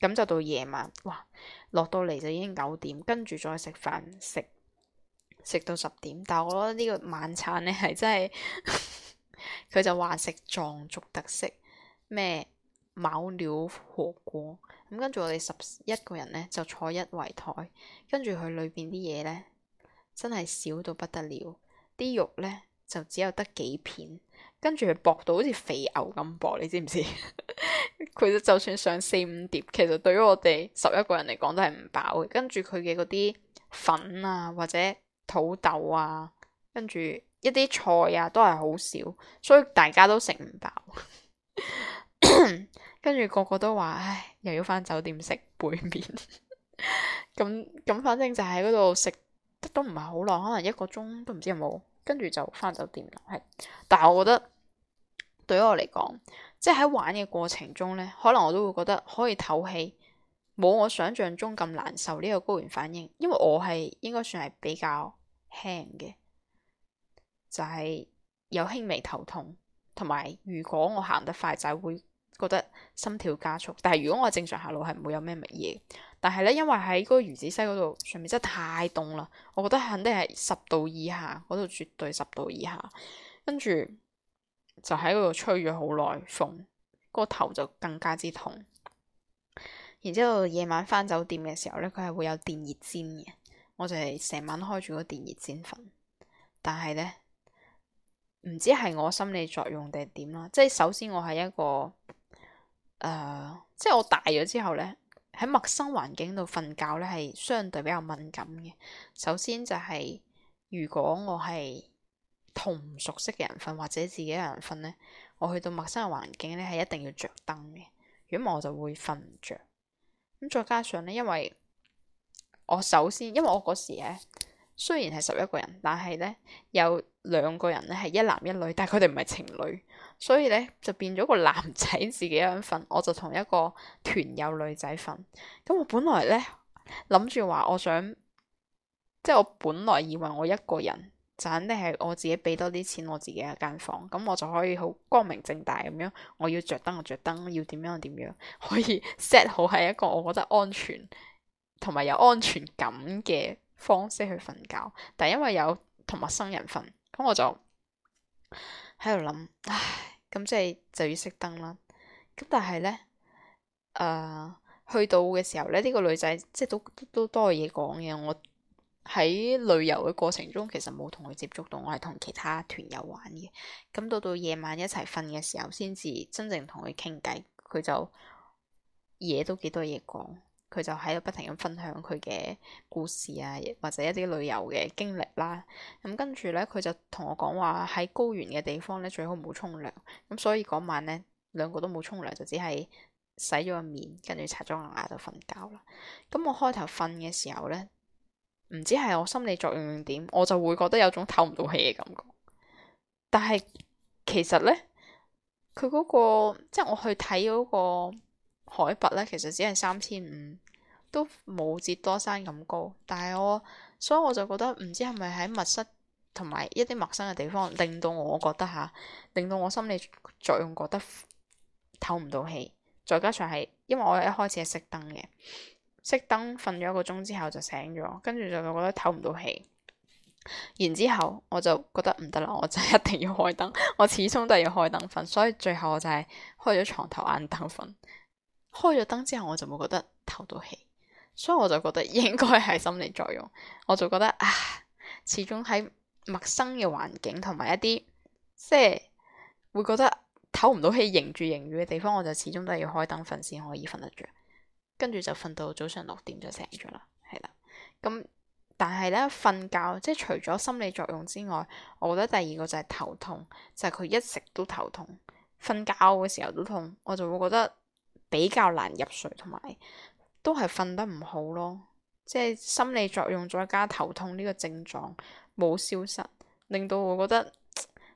咁就到夜晚，哇，落到嚟就已經九點，跟住再食飯食食到十點。但係我覺得呢個晚餐咧係真係，佢 就話食藏族特色咩牦牛火鍋，咁跟住我哋十一個人咧就坐一圍台，跟住佢裏邊啲嘢咧。真係少到不得了，啲肉呢，就只有得幾片，跟住薄到好似肥牛咁薄，你知唔知？佢 就算上四五碟，其實對於我哋十一個人嚟講都係唔飽嘅。跟住佢嘅嗰啲粉啊，或者土豆啊，跟住一啲菜啊，都係好少，所以大家都食唔飽。 跟住個個都話，唉，又要翻酒店食杯麵。咁 咁，反正就喺嗰度食。都唔係好耐，可能一個鐘都唔知有冇，跟住就翻酒店啦。係，但係我覺得對於我嚟講，即係喺玩嘅過程中咧，可能我都會覺得可以透氣，冇我想象中咁難受呢個高原反應。因為我係應該算係比較輕嘅，就係有輕微頭痛，同埋如果我行得快就會。覺得心跳加速，但係如果我正常下路係唔會有咩乜嘢，但係咧因為喺嗰個魚子西嗰度上面真係太凍啦，我覺得肯定係十度以下，嗰度絕對十度以下，跟住就喺嗰度吹咗好耐風，個頭就更加之痛。然之後夜晚翻酒店嘅時候咧，佢係會有電熱氈嘅，我就係成晚開住個電熱氈瞓，但係咧唔知係我心理作用定係點啦，即係首先我係一個。誒，uh，即係我大咗之後呢，喺陌生環境度瞓覺呢係相對比較敏感嘅。首先就係、是、如果我係同唔熟悉嘅人瞓或者自己嘅人瞓呢，我去到陌生嘅環境呢係一定要着燈嘅，如果唔係我就會瞓唔着。咁再加上呢，因為我首先因為我嗰時呢，雖然係十一個人，但係呢有。兩個人咧係一男一女，但係佢哋唔係情侶，所以咧就變咗個男仔自己一個人瞓，我就同一個團友女仔瞓。咁我本來咧諗住話，我想即係我本來以為我一個人就肯定係我自己畀多啲錢，我自己一間房，咁我就可以好光明正大咁樣，我要着燈就着燈，要點樣就點樣，可以 set 好係一個我覺得安全同埋有安全感嘅方式去瞓覺。但因為有同陌生人瞓。咁我就喺度諗，唉，咁即係就要熄燈啦。咁但係咧，誒、呃，去到嘅時候咧，呢個女仔即係都都,都,都多嘢講嘅。我喺旅遊嘅過程中，其實冇同佢接觸到，我係同其他團友玩嘅。咁到到夜晚一齊瞓嘅時候，先至真正同佢傾偈。佢就嘢都幾多嘢講。佢就喺度不停咁分享佢嘅故事啊，或者一啲旅遊嘅經歷啦、啊。咁、嗯、跟住咧，佢就同我講話，喺高原嘅地方咧，最好唔好沖涼。咁、嗯、所以嗰晚咧，兩個都冇沖涼，就只係洗咗個面，跟住擦咗個牙就瞓覺啦。咁、嗯、我開頭瞓嘅時候咧，唔知係我心理作用定點，我就會覺得有種透唔到氣嘅感覺。但係其實咧，佢嗰、個，即係我去睇嗰、個。海拔呢，其實只係三千五，都冇折多山咁高。但係我，所以我就覺得唔知係咪喺密室同埋一啲陌生嘅地方，令到我覺得吓，令到我心理作用覺得唞唔到氣。再加上係因為我一開始係熄燈嘅，熄燈瞓咗一個鐘之後就醒咗，跟住就覺得唞唔到氣。然之後我就覺得唔得啦，我就一定要開燈，我始終都要開燈瞓，所以最後我就係開咗床頭眼燈瞓。開咗燈之後，我就冇覺得透到氣，所以我就覺得應該係心理作用。我就覺得啊，始終喺陌生嘅環境同埋一啲即係會覺得透唔到氣、凝住凝雨嘅地方，我就始終都係要開燈瞓先可以瞓得着，跟住就瞓到早上六點就醒咗啦。係啦，咁但係咧瞓覺即係除咗心理作用之外，我覺得第二個就係頭痛，就係佢一直都頭痛，瞓覺嘅時候都痛，我就會覺得。比較難入睡，同埋都係瞓得唔好咯，即係心理作用再加頭痛呢個症狀冇消失，令到我覺得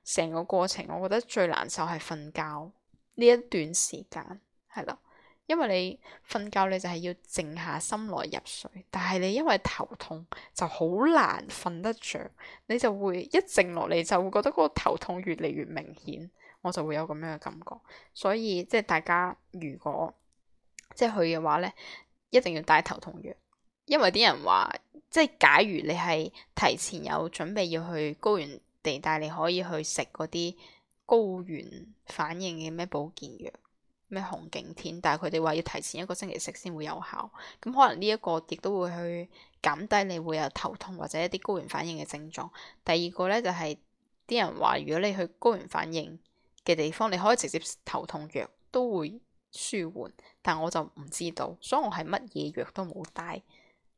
成個過程，我覺得最難受係瞓覺。呢一段時間，係啦。因為你瞓覺，你就係要靜下心來入睡，但係你因為頭痛就好難瞓得着，你就會一靜落嚟就會覺得嗰個頭痛越嚟越明顯，我就會有咁樣嘅感覺。所以即係大家如果即係去嘅話咧，一定要帶頭痛藥，因為啲人話即係假如你係提前有準備要去高原地帶，你可以去食嗰啲高原反應嘅咩保健藥。咩紅景天，但係佢哋話要提前一個星期食先會有效，咁可能呢一個亦都會去減低你會有頭痛或者一啲高原反應嘅症狀。第二個咧就係、是、啲人話，如果你去高原反應嘅地方，你可以直接頭痛藥都會舒緩，但我就唔知道，所以我係乜嘢藥都冇帶，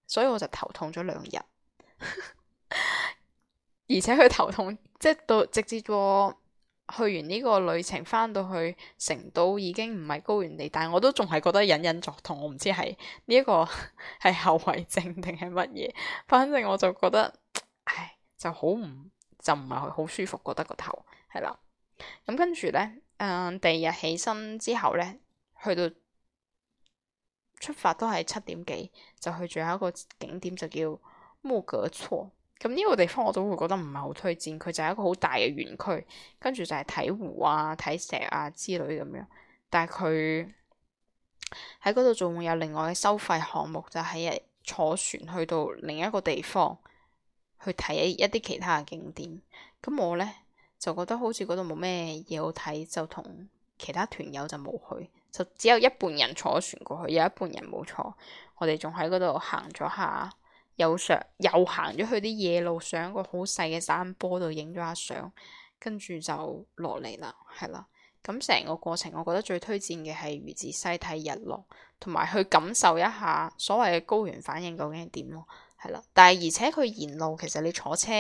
所以我就頭痛咗兩日， 而且佢頭痛即係、就是、到直接過。去完呢個旅程，翻到去成都已經唔係高原地，但我都仲係覺得隱隱作痛，我唔知係呢一個係後遺症定係乜嘢，反正我就覺得，唉，就好唔就唔係好舒服，覺得個頭係啦。咁跟住咧，誒、嗯，第二日起身之後咧，去到出發都係七點幾，就去最後一個景點就叫木格措。咁呢個地方我都會覺得唔係好推薦，佢就係一個好大嘅園區，跟住就係睇湖啊、睇石啊之類咁樣。但係佢喺嗰度仲會有另外嘅收費項目，就係坐船去到另一個地方去睇一啲其他嘅景點。咁我咧就覺得好似嗰度冇咩嘢好睇，就同其他團友就冇去，就只有一半人坐船過去，有一半人冇坐。我哋仲喺嗰度行咗下。又上又行咗去啲野路上一個好細嘅山坡度影咗下相，跟住就落嚟啦，係啦。咁成個過程，我覺得最推薦嘅係魚子西睇日落，同埋去感受一下所謂嘅高原反應究竟係點咯，係啦。但係而且佢沿路其實你坐車，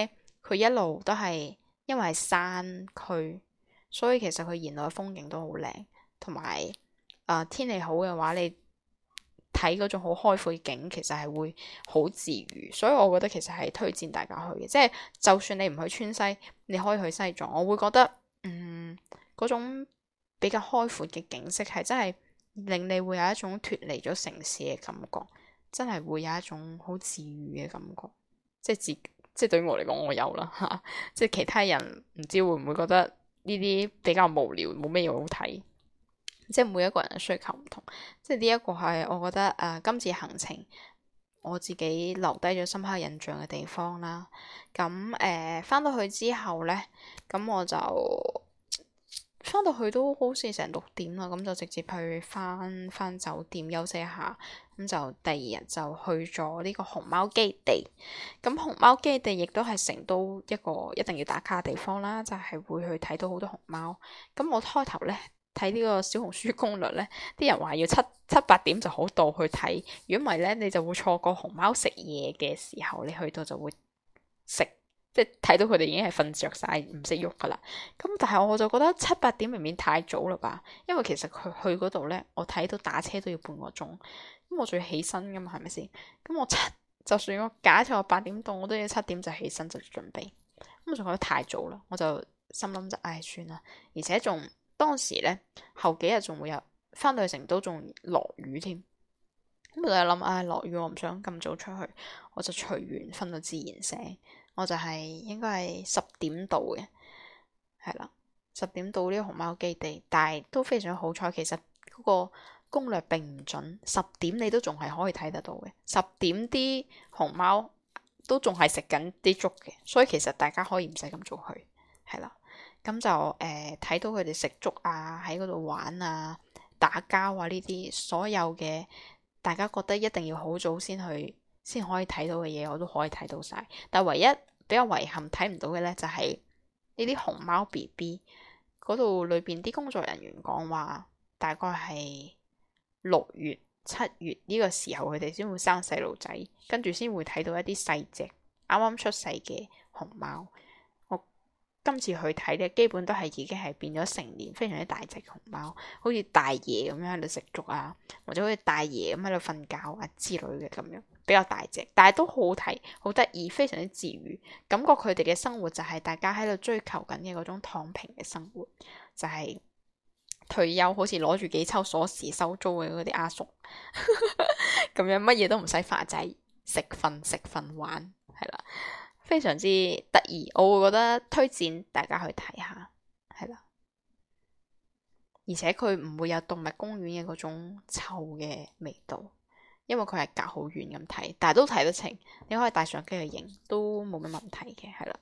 佢一路都係因為係山區，所以其實佢沿路嘅風景都好靚，同埋啊天氣好嘅話你。睇嗰種好開闊嘅景，其實係會好治癒，所以我覺得其實係推薦大家去嘅。即係就算你唔去川西，你可以去西藏，我會覺得嗯嗰種比較開闊嘅景色係真係令你會有一種脫離咗城市嘅感覺，真係會有一種好治癒嘅感覺。即係自即係對於我嚟講，我有啦嚇。即係其他人唔知會唔會覺得呢啲比較無聊，冇咩嘢好睇。即係每一個人嘅需求唔同，即係呢一個係我覺得誒、呃、今次行程我自己留低咗深刻印象嘅地方啦。咁誒返到去之後咧，咁我就返到去都好似成六點啦，咁就直接去返返酒店休息一下。咁就第二日就去咗呢個熊貓基地。咁熊貓基地亦都係成都一個一定要打卡嘅地方啦，就係、是、會去睇到好多熊貓。咁我開頭咧。睇呢個小紅書攻略咧，啲人話要七七八點就好到去睇。如果唔係咧，你就會錯過熊貓食嘢嘅時候。你去到就會食，即係睇到佢哋已經係瞓着晒，唔識喐噶啦。咁但係我就覺得七八點未免太早啦吧？因為其實佢去嗰度咧，我睇到打車都要半個鐘。咁我仲要起身噶嘛，係咪先？咁我七，就算我假設我八點到我，我都要七點就起身就準備。咁我仲覺得太早啦，我就心諗就，唉、哎，算啦。而且仲。當時咧，後幾日仲會有翻到去成都，仲落、哎、雨添。咁我就諗，唉，落雨我唔想咁早出去，我就隨緣，瞓到自然醒。我就係、是、應該係十點到嘅，係啦，十點到呢個熊貓基地，但係都非常好彩。其實嗰個攻略並唔準，十點你都仲係可以睇得到嘅。十點啲熊貓都仲係食緊啲竹嘅，所以其實大家可以唔使咁早去，係啦。咁就誒睇、呃、到佢哋食粥啊，喺嗰度玩啊、打交啊呢啲，所有嘅大家覺得一定要好早先去先可以睇到嘅嘢，我都可以睇到晒。但唯一比較遺憾睇唔到嘅咧、就係，就係呢啲熊貓 B B 嗰度裏邊啲工作人員講話，大概係六月、七月呢個時候佢哋先會生細路仔，跟住先會睇到一啲細隻啱啱出世嘅熊貓。今次去睇咧，基本都係已經係變咗成年，非常之大隻熊貓，好似大爺咁樣喺度食竹啊，或者好似大爺咁喺度瞓覺啊之類嘅咁樣，比較大隻，但係都好睇，好得意，非常之治愈，感覺佢哋嘅生活就係大家喺度追求緊嘅嗰種躺平嘅生活，就係、是、退休，好似攞住幾抽鎖匙收租嘅嗰啲阿叔咁 樣，乜嘢都唔使煩仔，食瞓食瞓玩，係啦。非常之得意，我會覺得推薦大家去睇下，係啦。而且佢唔會有動物公園嘅嗰種臭嘅味道，因為佢係隔好遠咁睇，但係都睇得清。你可以帶相機去影，都冇乜問題嘅，係啦。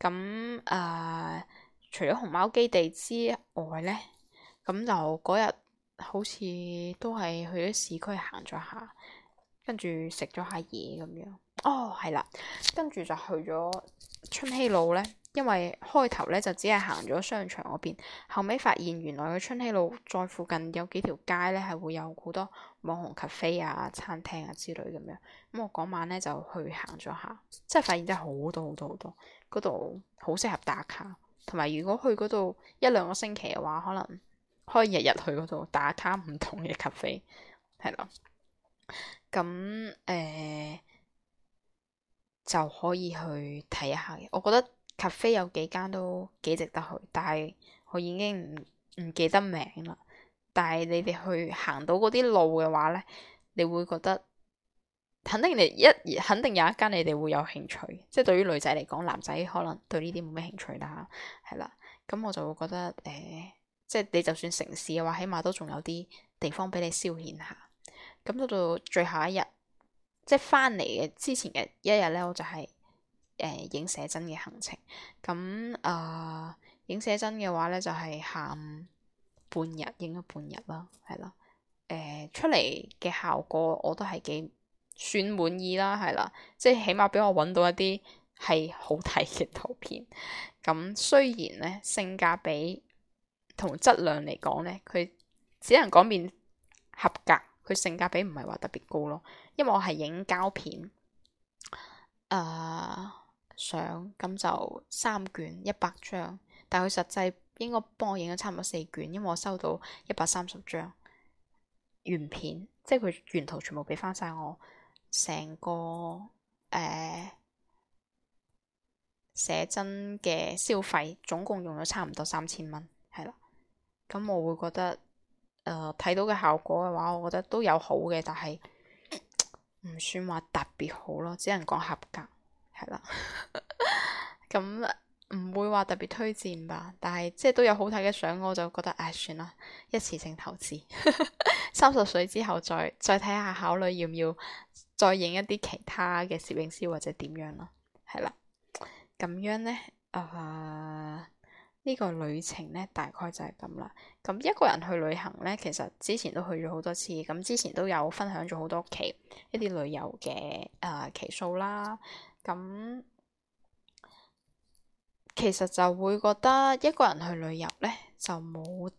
咁、嗯、誒、呃，除咗熊貓基地之外咧，咁就嗰日好似都係去咗市區行咗下，跟住食咗下嘢咁樣。哦，係啦，跟住就去咗春熙路咧，因為開頭咧就只係行咗商場嗰邊，後尾發現原來嘅春熙路再附近有幾條街咧係會有好多網紅咖啡啊、餐廳啊之類咁樣，咁、嗯、我嗰晚咧就去行咗下，即係發現真係好多好多好多，嗰度好適合打卡，同埋如果去嗰度一兩個星期嘅話，可能可以日日去嗰度打卡唔同嘅咖啡，係啦，咁、呃、誒。就可以去睇下嘅，我覺得咖啡有幾間都幾值得去，但係我已經唔唔記得名啦。但係你哋去行到嗰啲路嘅話咧，你會覺得肯定你一肯定有一間你哋會有興趣。即係對於女仔嚟講，男仔可能對呢啲冇咩興趣啦，係啦。咁我就會覺得誒、呃，即係你就算城市嘅話，起碼都仲有啲地方俾你消遣下。咁到到最後一日。即係翻嚟嘅之前嘅一日咧，我就係誒影寫真嘅行程。咁啊影寫真嘅話咧，就係下午半日影咗半日啦，係啦。誒、呃、出嚟嘅效果我都係幾算滿意啦，係啦。即係起碼俾我搵到一啲係好睇嘅圖片。咁雖然咧，性價比同質量嚟講咧，佢只能講面合格。佢性價比唔係話特別高咯，因為我係影膠片，誒、呃，相咁就三卷一百張，但係佢實際應該幫我影咗差唔多四卷，因為我收到一百三十張原片，即係佢原圖全部俾翻晒我，成個誒寫、呃、真嘅消費總共用咗差唔多三千蚊，係啦，咁我會覺得。睇、呃、到嘅效果嘅話，我覺得都有好嘅，但係唔算話特別好咯，只能講合格係啦。咁唔 會話特別推薦吧，但係即係都有好睇嘅相，我就覺得唉、哎，算啦，一次性投資，三 十歲之後再再睇下，考慮要唔要再影一啲其他嘅攝影師或者點樣咯，係啦，咁樣咧啊。呃呢個旅程呢，大概就係咁啦。咁一個人去旅行呢，其實之前都去咗好多次，咁之前都有分享咗好多期一啲旅遊嘅誒期數啦。咁其實就會覺得一個人去旅遊呢，就冇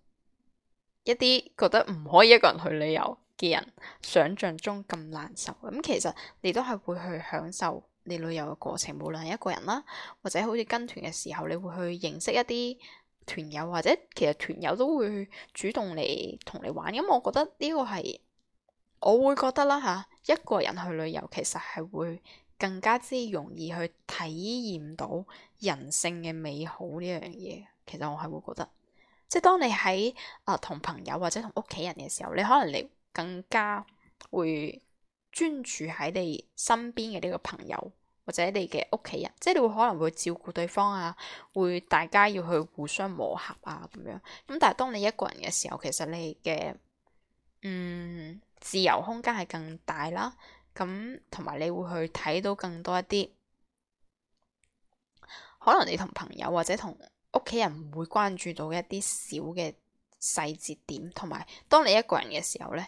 一啲覺得唔可以一個人去旅遊嘅人想象中咁難受。咁其實你都係會去享受。你旅遊嘅過程，無論係一個人啦，或者好似跟團嘅時候，你會去認識一啲團友，或者其實團友都會主動嚟同你玩。咁我覺得呢個係我會覺得啦吓，一個人去旅遊其實係會更加之容易去體驗到人性嘅美好呢樣嘢。其實我係會覺得，即係當你喺啊同朋友或者同屋企人嘅時候，你可能你更加會。專注喺你身邊嘅呢個朋友或者你嘅屋企人，即係你會可能會照顧對方啊，會大家要去互相磨合啊咁樣。咁但係當你一個人嘅時候，其實你嘅嗯自由空間係更大啦。咁同埋你會去睇到更多一啲，可能你同朋友或者同屋企人唔會關注到嘅一啲小嘅細節點，同埋當你一個人嘅時候咧，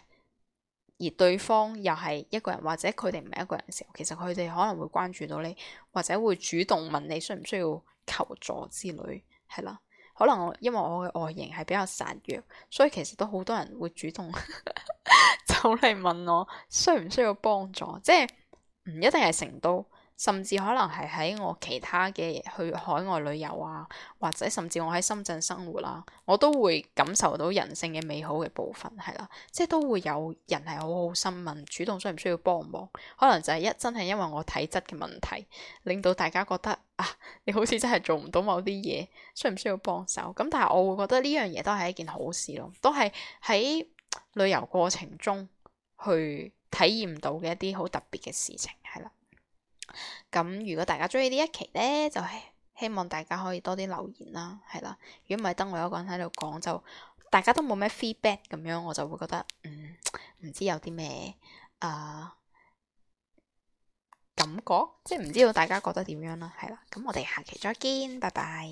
而對方又係一個人，或者佢哋唔係一個人嘅時候，其實佢哋可能會關注到你，或者會主動問你需唔需要求助之類，係啦。可能我因為我嘅外形係比較孱弱，所以其實都好多人會主動 走嚟問我需唔需要幫助，即係唔一定係成都。甚至可能係喺我其他嘅去海外旅遊啊，或者甚至我喺深圳生活啦，啊，我都會感受到人性嘅美好嘅部分，係啦，即係都會有人係好好心問，主動需唔需要幫忙？可能就係一真係因為我體質嘅問題，令到大家覺得啊，你好似真係做唔到某啲嘢，需唔需要幫手？咁但係我會覺得呢樣嘢都係一件好事咯，都係喺旅遊過程中去體驗到嘅一啲好特別嘅事情。咁如果大家中意呢一期呢，就希望大家可以多啲留言啦，係啦。如果唔係，得我一個人喺度講，就大家都冇咩 feedback 咁樣，我就會覺得，嗯，唔知有啲咩啊感覺，即係唔知道大家覺得點樣啦，係啦。咁我哋下期再見，拜拜。